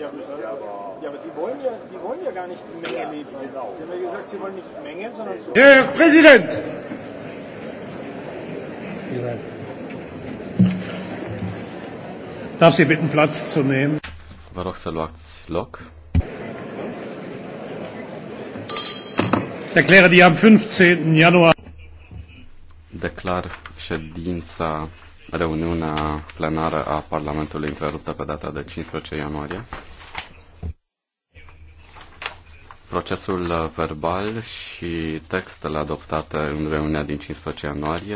Ja, ja, aber die wollen ja, die wollen ja gar nicht die Menge ja, liefern. Genau. Die haben ja gesagt, sie wollen nicht Menge, sondern so. Herr Präsident! Darf Sie bitten, Platz zu nehmen? War doch der luați loc. Declară die am 15. Januar. Declar ședința reuniunea plenară a Parlamentului întreruptă pe data de 15 ianuarie. Procesul verbal și textele adoptate în reuniunea din 15 ianuarie